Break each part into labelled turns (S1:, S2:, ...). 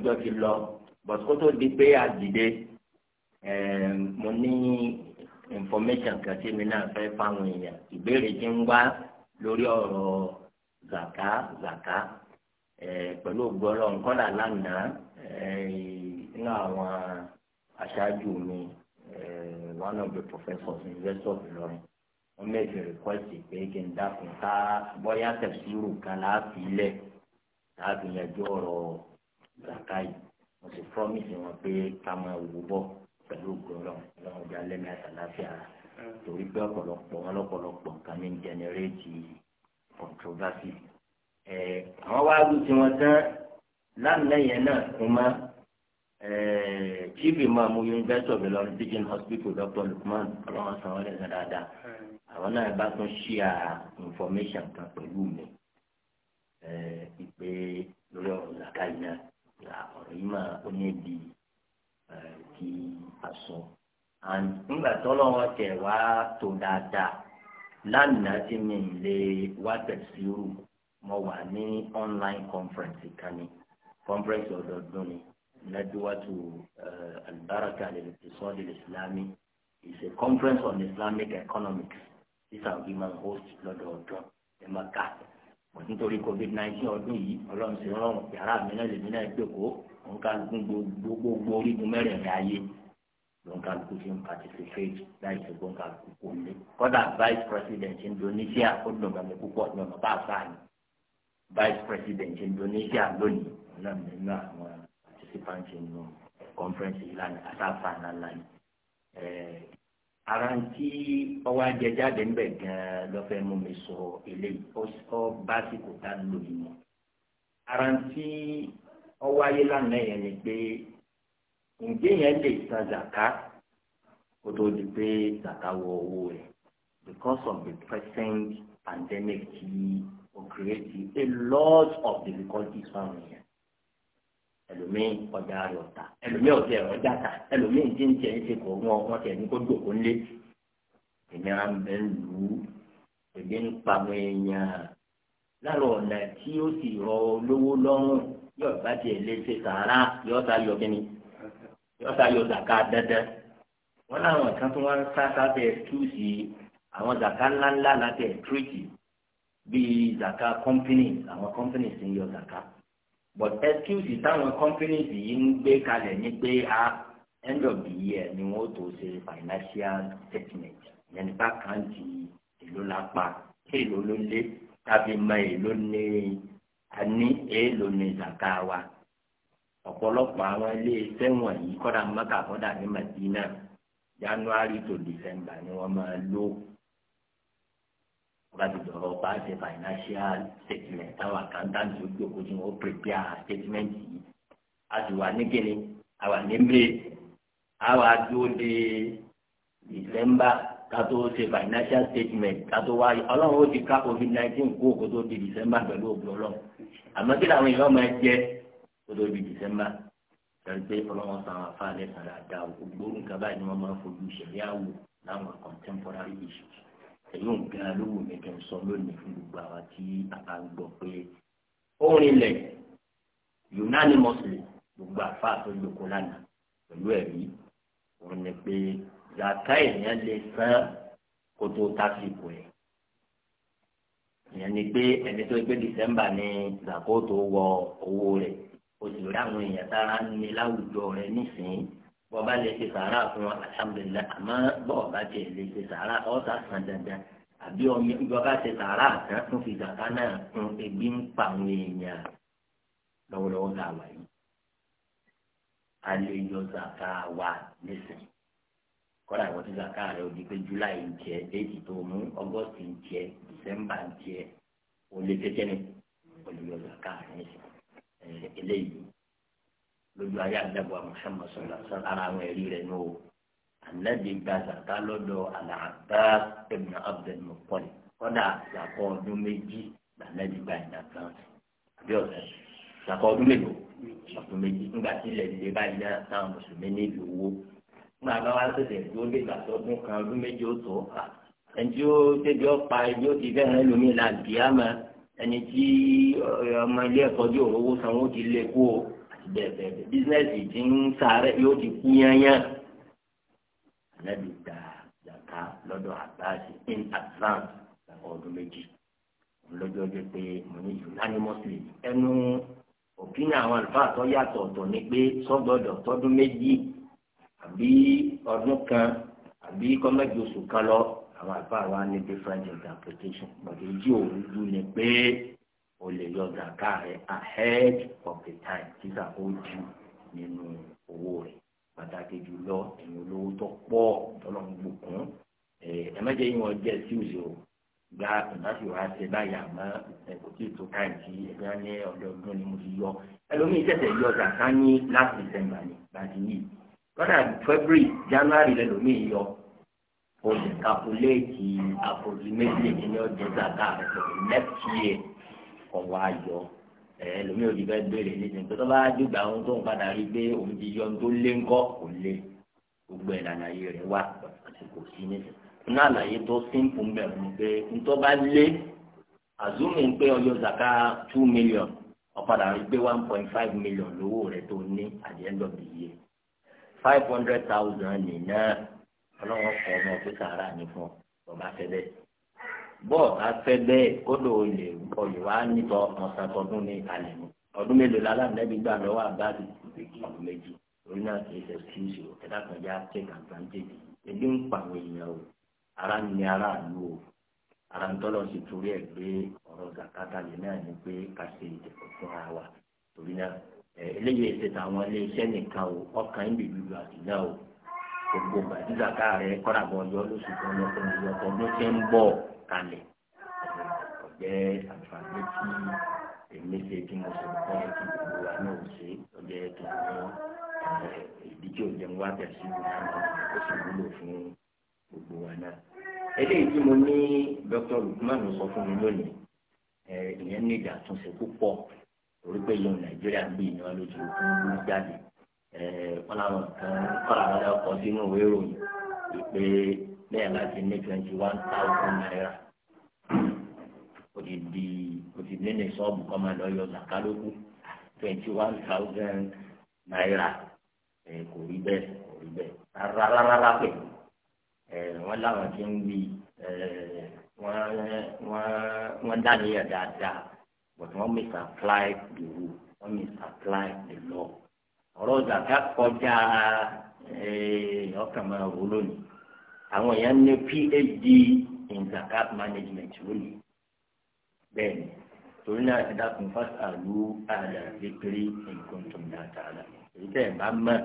S1: ọjọ́ ti lọ but kó tó di pé a dìde mo ní information kan tí mi náà fẹ́ fáwọn èèyàn ìbéèrè tí ń wá lórí ọ̀rọ̀ zaka zaka pẹ̀lú ògbọ́rọ̀ nkọ́dà lánàá nínú àwọn aṣáájú mi one of the professors in university of Ilorin wọ́n mẹ́fì rìkwẹ́sì pé kí n dákun ká bọ́yá tẹ̀síìrù kan láàfin ilẹ̀ láàfin yẹn jọ̀rọ̀ zaka yìí mo sì promise wọn pé ká máa wò bọ̀ pẹ̀lú ògùn ọlọ́run ọlọ́run ọjà lẹ́mí àtàláfíà ara torí pé ọ̀pọ̀lọpọ̀ wọn lọ́pọ̀lọpọ̀ nǹkan ní jẹnẹrétì controversy ẹ̀ àwọn wá rú tiwọn tán láàmìlẹ́yìn náà kún mọ́ chief imam university of ilorin teaching hospital dr lukman ọlọ́run san wọlé ẹ̀sán dáadáa àwọn náà bá tún share information kan pẹ̀lú mi ìpè lórí ọ̀rọ̀ làkàyè náà. èyí máa àṣọ and nígbà tọ́lọ́ wọn tẹ̀ wá tó dáadáa lánàá tí mi ń lè wá mo wà ní online conference kan ní conference ọdọọdún ni lẹ́dúwàtú islami is a conference on islamic economics this our human host lọ́dọọdún ẹ̀ máa kò nítorí covid nineteen ọdún yìí ọlọ́run sì rọrùn yàrá mi náà lèmi náà gbèkó nǹkan gbogbo gbogbo orígun mẹ́rẹ̀ẹ̀rin ayé nǹkan kú sí nǹkan ti fi fèèjì láì ṣe nǹkan kú lé kódà vice president Indonesia ó dùn mọ́ mi púpọ̀ ní ọmọ bá a sáà ní vice president Indonesia lónìí ọ̀nà mi nínú àwọn participants nínú conference yìí lánàá àtàfà náà lánàá ara ń tí ọwọ́ ajẹjáde ń bẹ̀ gan-an lọ́fẹ́ mú mi sọ eléyìí ọ bá sì kò tá lò yìí mọ́ ara ń tí ayé lánàá yẹn ni pé ǹjẹ́ yẹn lè san zaka kó tó di pé zaka wọ owó rẹ̀ because of the present pandemic tí o create a lot of difficulties fáwọn yẹn ẹlòmíì ọjà rẹ̀ ọ̀tà ẹlòmíì ọjà ta ẹlòmíì tí ń tiẹ̀ ń wọn wọn tiẹ̀ ní kó dòkó ńlé ìnira ń bẹ lù ú èdè ń pa àwọn èèyàn ọ̀nà tí ó sì rọ olówó lọ́rùn yóò bá tiẹ̀ lè sàárà yóò ta yọ kíni yóò ta yọ zàká dandan wọn láwọn kan tó wọn sá sábẹ́ túùsì àwọn zàká ńláńlá láti ẹ̀ tírìtì bíi zàká kọ́mpínì àwọn kọ́mpínì sì ń yọ zàká but excuse táwọn companies yìí ń gbé kalẹ̀ ní pé a end of the year ni wọ́n tó ṣe financial statement yẹn nípa kan ti èlò lápá èlò ló lé tàbí mọ èlò ní àní èlò ní ìzàká wa ọ̀pọ̀lọpọ̀ àwọn ilé iṣẹ́ wọ̀nyí kọ́dà mọ́tà kọ́dà ní Madina January to December ni wọ́n máa lò bá ti dọ̀rọ̀ bá ṣe financial statement táwọn accountant ó gbòkó tí wọ́n prepare statement yìí a sì wà ní kíni a wà ní may a wà dúró de December ká tó ṣe financial statement ká tó wá ọlọ́run ó ti ká covid nineteen kó kó tó di December pẹ̀lú òbí ọlọ́run àmọ́ kí làwọn èèyàn máa jẹ kó tó di December tẹ̀lé ọlọ́run sàn àfáà lẹ́sàn-án àdá gbogbo nǹkan báyìí ni wọ́n máa fojú ìṣẹ̀lẹ̀ àwò láwọn contemporary issues èyí nǹkan alówó mi kì í sọ lónìí fún gbogbo àwa tí a gbọ́ pé ó rinlẹ̀ unanimously gbogbo àfa tó lóko lánàá pẹ̀lú ẹ̀rí òun ni pé zaka èèyàn lè san kó tó tásìkò ẹ̀ èèyàn ni pé ẹni tó gbé dìsẹ́mbà ni zaka ó tó wọ owó rẹ̀ o sì rí àwọn èèyàn tára ń ní láwùjọ rẹ̀ nísìnyí bọ́ọ̀bá lè ṣe sàárà fún wa alhamdulilayi àmọ́ bọ́ọ̀bá tiẹ̀ lè ṣe sàárà ọ̀sà kan dandan àbí ọmọ ìjọba ṣe sàárà kan tún fi zàká náà kún ebi ń pa àwọn èèyàn lọ́wọ́lọ́wọ́ tá a wà yìí. a lè wa nísìnyí kọ́dà ìwọ́n ti zàká rẹ̀ ó di pé july ń jẹ́ éèdì tó mú august ń jẹ́ december ń jẹ́ o lè tẹ́tẹ́ ni o lè yọ zàká rẹ̀ nísìnyí eléyìí lójú ayé àdàbọ̀ Muhammad sallallahu alaihi wasallam ara àwọn ẹ̀rí rẹ̀ ní o ànábì gba zàká lọ́dọ̀ Al-Abbas ibn Abdul Muttalib kọ́dà zàkọ́ ọdún méjì lànàbì gba ìdàkan àbí ọ̀sẹ̀ zàkọ́ ọdún mélòó ọdún méjì nígbà tí ilẹ̀ ìdílé bá yẹ táwọn mùsùlùmí ní ìlú owó nígbà bá wá sẹ̀sẹ̀ tó lé gbàtọ́ ọdún kan ọdún méjì ó tó ọ̀fà ẹni tí ó tẹ̀lé ọ̀pá ẹni ó ti fẹ́ràn ẹlòmí làǹkì àmọ́ ẹni tí ọmọ ilé ẹ̀kọ́ tí òun sanwó ti lé kú o bẹ́ẹ̀bẹ́ẹ̀ bísínẹ́sì ti ń sáré yóò ti kú yányán anabi da zaka lọ́dọ̀ abasi in advance ọdún méjì lọ́jọ́ jẹ́ pé mo ní unanimously ẹnu òkínà àwọn àlùfáà tó yàtọ̀ ọ̀tọ̀ ni pé sọ́gbọ́dọ̀ tọdún méjì àbí ọdún kan àbí kọ́mẹ́jì oṣù kan lọ àwọn àlùfáà wa ní different interpretation gbọ̀dọ̀ èyí òun dùn ni pé o lè yọ zaka rẹ ahead of the time títà ó jù nínú owó rẹ pàtàkì jùlọ ẹ̀yin olówó tó pọ̀ tọ́lọ́ ń gbòkun ẹ̀ẹ́dẹ́gbẹ́jẹ́ yìí wọ́n jẹ́ sí òṣèlú gba ìbáṣe wa ṣe báyà mọ ẹkọ tí ètò káàkiri ẹgbẹ ní ọdọọdún ni mo ti yọ ẹlòmíín tẹsẹ̀ yọ zaka ní last december ní láti yìí kọ́dà february january lẹ́lòmíín yọ o lè calculate approximately ní ọjọ́ zaka rẹ̀ for next year kọ́ wá yọ ẹ lómi ò ní fẹ́ béèrè nísìnyí pé tó bá dùgbà ohun tó ń padà rí pé òun ti yọ ohun tó lé ńkọ́ kò lé gbogbo ìlànà ayé rẹ̀ wà kò sí nísìnyí nínú àlàyé tó simple ń ni pé ntọ́ bá lé àzúmi ń pé ọyọ zaka two million ọ̀padà rí pé one point five million lówó rẹ̀ tó ní at the five hundred thousand nìyẹn ọlọ́wọ́ kọ́ ọmọ pé sàárà ní fún ọ bàbá fẹ́ bẹ́ẹ̀. bọ́ọ̀ bá fẹ́ bẹ́ẹ̀ kódò olè olè wa ọ̀sán tọdún ní ìkàlẹ̀ mi ọdún mélòó la láǹdẹ́bí gbà lọ́wọ́ àbáàdì ọdún méjì orí náà kì í ṣe ṣíṣe ẹ̀dá kan já take advantage ń pa àwọn èèyàn o ara ń ní ara àlú o ara ń tọ́lọ̀ sí torí ẹ̀ zakata lè náà ní pé ká ṣe ìdẹ̀kọ̀ wa torí náà eléyìí iléeṣẹ́ nìkan o ọkàn ń bìbí lu o gbogbo gbàdúrà kọ́ra bọ̀ yọ lóṣù tó ń lọ kalẹ̀ ọ̀jẹ́ àǹfààní tí èmi ṣe tí mo sọ fún ẹ tí gbogbo wa náà ò ṣe ọ̀jẹ́ tó ń lọ ìdí tí òjẹ́ ń wá tẹ̀sí mi náà ó sì wúlò fún gbogbo wa náà. eléyìí tí mo ní Dr. Lukman sọ fún mi lónìí ìyẹn ní ìdàtúnṣe púpọ̀ orí pé yóò Nàìjíríà ń bí ìnáwó lójú ìlú jáde wọn làwọn kan kọ́ra wọn lọ́kọ́ sínú ìwé ìròyìn pé bẹ́ẹ̀ bá ti ní twenty one thousand naira o ti di o ti dé ní sọ́ọ̀bù kọ́ máa lọ yọ twenty one thousand naira ẹ kò rí bẹ́ẹ̀ kò rí bẹ́ẹ̀ rárá rárá pé ẹ wọ́n láwọn ti ń wí ẹ wọ́n wọ́n wọ́n dá níyà dáadáa but wọ́n misapply the rule wọ́n misapply the law ọ̀rọ̀ zaka kọjá máa wò lónìí àwọn èèyàn ní phd in zakat management lónìí bẹ́ẹ̀ ni torí náà ti dákun fásitì àlù àdà zikiri nǹkan tó ń dá tààlà èyí tẹ̀ ẹ̀ bá mọ̀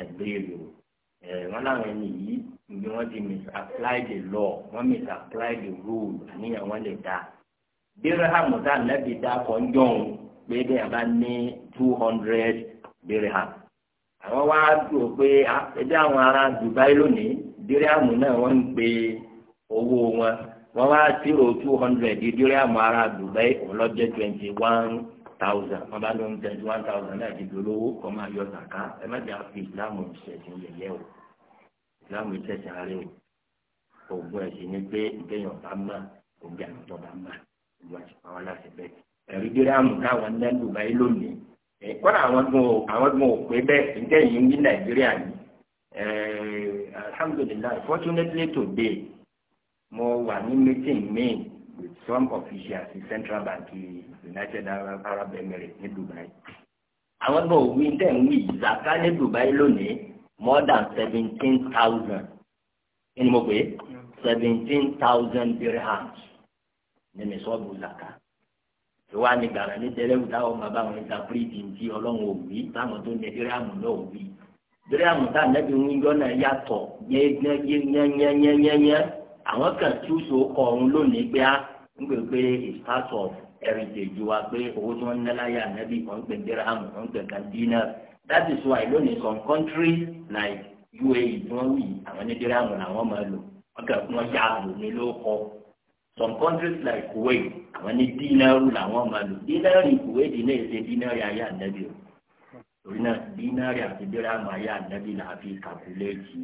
S1: ẹ̀ béèrè o ẹ̀ láwọn ẹni yìí ni wọ́n ti misapply the law wọ́n misapply the rule àníyàn wọ́n lè dá dirham tá a lẹ́bi dá kọ́njọ́n pé bí a bá ní two hundred dirham àwọn wá dùn pé ah, ẹbí àwọn ará Dubai lónìí díríàmù náà wọ́n ń pe owó wọn wọ́n wá zero two hundred díríàmù ara Dubai ọlọ́jẹ́ twenty one thousand wọ́n bá lóun twenty one thousand náà ti dolówó kọ́ máa yọ zaka ẹ má jà fi ìsìlámù ìṣẹ̀sìn yẹ̀yẹ́ o ìsìlámù ìṣẹ̀sìn ààrẹ o ògùn ẹ̀sìn ni pé ìgbéyàn bá má ògùn àtọ́ bá má ìlú àti àwọn aláṣẹ bẹ́ẹ̀ ẹ̀rí díríàmù káwọn náà Dubai lónìí kọ́nà àwọn gbọ́n àwọn gbọ́n ò pé bẹ́ẹ̀ ǹjẹ́ yìí ń bí alhamdulilayi fortunately today mo wà ní meeting main with some officials in central bank united arab, emirates ní dubai àwọn bò wí tẹ̀ ń wí zaka ní dubai lónìí more than seventeen thousand kí ni mo pè é seventeen thousand dirhams ní mi sọ́ọ̀bù zaka ìwà ni gàrà ní tẹ́lẹ̀ wù táwọn bàbá wọn ìta pírìtì ti ọlọ́run òwì táwọn tó ní dirham náà òwì. dírámù tá ànábì ń yọ náà yàtọ̀ yẹ́nyẹ́nyẹ́nyẹ́nyẹ́ àwọn kan tí ó so kọ ọ̀run lónìí gbé á ń gbé pé it's part of heritage wa pé owó tí wọ́n ń nálá yà ànábì wọ́n ń pè dírámù ń gandina that is why lónìí some countries like UAE tí wọ́n wì àwọn ní dírámù làwọn máa lò wọ́n kàn fún wọn ní ló kọ́ some countries like Kuwait àwọn ní dínárù làwọn máa lò dínárù Kuwait náà ṣe o. torí náà dínárì àti dírámù ayé ànábì là á fi kàkúléètì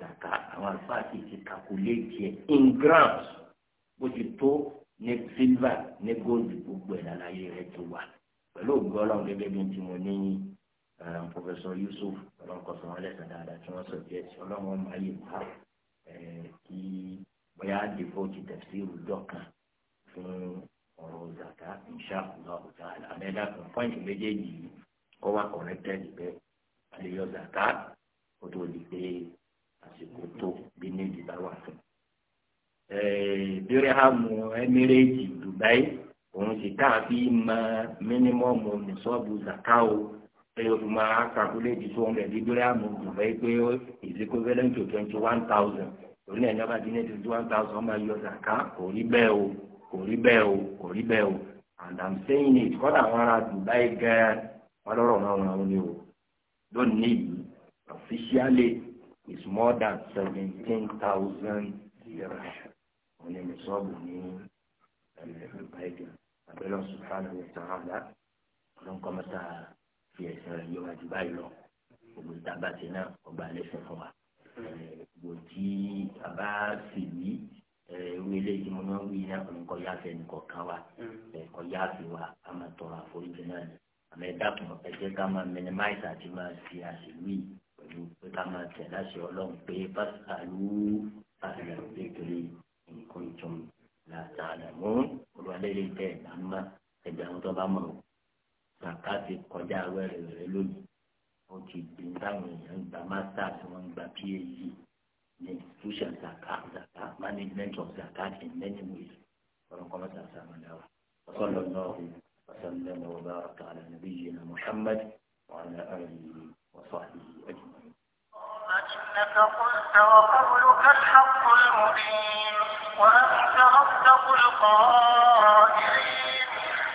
S1: zaka àwọn àlùfáà sì ti kàkúléètì ẹ̀ in grams bó ti tó ní sílvà ní góòlù gbogbo ẹ̀ lálàyé rẹ̀ ti wà pẹ̀lú ògbó ọlọ́run gẹ́gẹ́ bí ti mo ní um, pọfẹsọ Yusuf ọlọ́run kọsán wọn lẹ́sẹ̀ dáadáa tí wọ́n sọ jẹ́ sí ọlọ́run ọmọ ayé wa kí bóyá dèbò ti tẹ̀sí ìrùjọ kan fún ọ̀rọ̀ zaka insha Allah ta'ala àmẹ́dá kan pọ́ìntì méjèèjì yìí ó wà kọ̀nẹ́tẹ́ẹ̀dì bẹ́ẹ̀ àlèyọ zàká kó tó di pé àsìkò tó bí níbi bá wà fún. díríhàmù ẹmírẹ́ẹ̀tì Dubai òun sì káàbí mọ mínímọ́ọ̀mù nìṣọ́ọ̀bù zàká o ẹyọ fún ma kàkúlẹ́ẹ̀tì tó ń rẹ̀ bí díríhàmù Dubai pé ìsìnkú vẹ́lẹ́ǹtì twenty one thousand òun náà ìjọba ti ní twenty one thousand máa yọ zàká kò rí bẹ́ẹ̀ o kò rí bẹ́ẹ̀ o kò rí bẹ́ẹ̀ o and i'm saying it kọ́dà àwọn ará Dubai gan-an wọn lọ́rọ̀ náà wọn ni o lónìí yìí officially is more than seventeen thousand dirham wọn ni nìṣọ́ọ̀bù ní ẹ̀ẹ́dẹ̀gbẹ̀rẹ̀ abẹ́lẹ́ subhanahu wa ta'ala ọlọ́run kọ́ mọ́tà fi ẹ̀sìn rẹ̀ yọ àti báyìí lọ gbogbo ìtàbà sí náà ọgbà alẹ́ sọ fún wa gbogbo tí a bá sì wí irú eléyìí mo náà wí náà ọlọ́run kọ́ yáàfẹ́ nìkan kan wa mm. kọ́ yáàfẹ́ wa a máa tọrọ àforíjì náà ni àmì ìdákùn ẹ̀jẹ̀ ká máa minimize àti máa fi àṣìlú yìí pẹ̀lú pé ká máa tẹ̀ láṣẹ ọlọ́run pé pásítàlú àṣìlẹ̀ kékeré nǹkan ìtún làtà àdàmú olùwàlẹ́lẹ́ tẹ̀ àmọ́ ẹ̀jẹ̀ àwọn tó bá mọ̀ ọ́ kàkà ti kọjá wẹ́rẹ́wẹ́rẹ́ lónìí ó ti di táwọn èèyàn gba master tí wọ́n gba phd ní institution zaka zaka management of zaka in many ways ọ̀rọ̀ kọ́mọ́tà sàmàlà wa ọ̀sán lọ́nà ọ̀hún. وسلم وبارك على نبينا محمد وعلى آله وصحبه أجمعين إنك قلت وقولك الحق المبين وأنت أصدق القائلين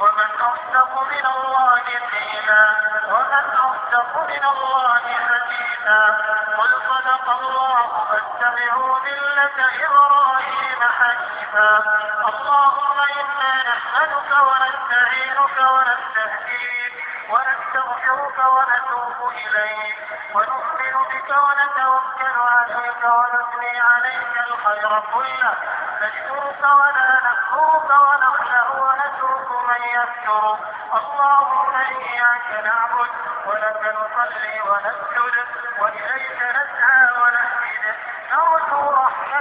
S1: ومن أصدق من الله قيلا ومن أصدق من الله حديثا قل صدق الله فاتبعوا ملة إبراهيم حنيفا اللهم إنا نحمدك ونستعينك ونستهديك ونستغفرك ونتوب إليك ونؤمن بك ونتوكل عليك ونثني عليك الخير كله نشكرك ولا نكفرك ونخشع ونترك من يذكرك اللهم إياك نعبد ولك نصلي ونسجد وإليك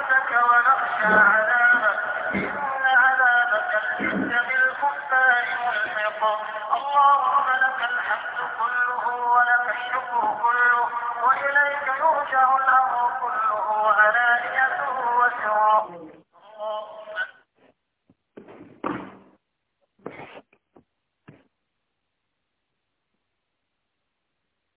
S1: رحمتك ونخشى عذابك